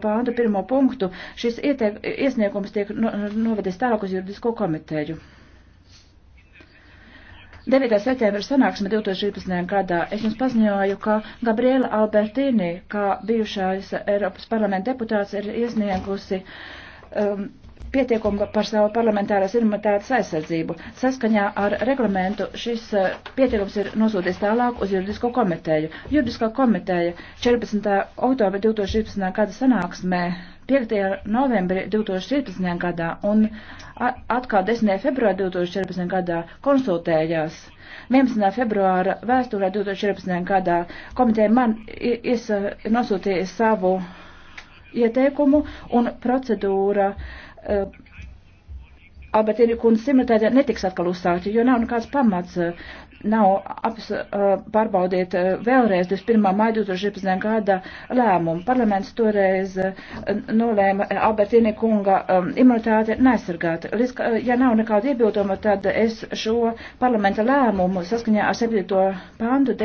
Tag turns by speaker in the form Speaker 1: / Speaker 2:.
Speaker 1: pāntu pirmo punktu, šis ieteik, iesniegums tiek no, novadīts tālāk uz juridisko komiteju. 9. septembra sanāksme 2016. gadā es jums paziņoju, ka Gabriela Albertīni, kā bijušais Eiropas parlamenta deputāts, ir iesniegusi um, pietiekumu par savu parlamentārās imunitātes aizsardzību. Saskaņā ar reglamentu šis eh, pieteikums ir nosūties tālāk uz juridisko komiteju. Juridiskā komiteja 14. oktobra 2016. gada sanāksmē 5. novembrī 2017. gadā un atkal 10. februāra 2014. gadā konsultējās. 11. februāra vēsturē 2014. gadā komiteja man ies, nosūtīja savu uh, ieteikumu un procedūra uh, eh, Albertīna kundze simultēde netiks atkal uzsākta, jo nav nekāds pamats, eh, nav aps, eh, pārbaudiet vēlreiz 21. maija 2017. gada lēmumu. Parlaments toreiz nolēma Albertīna kunga imunitāti nesargāt. Līdz, ja nav nekāda iebilduma, tad es šo parlamenta lēmumu saskaņā ar 7. pāntu.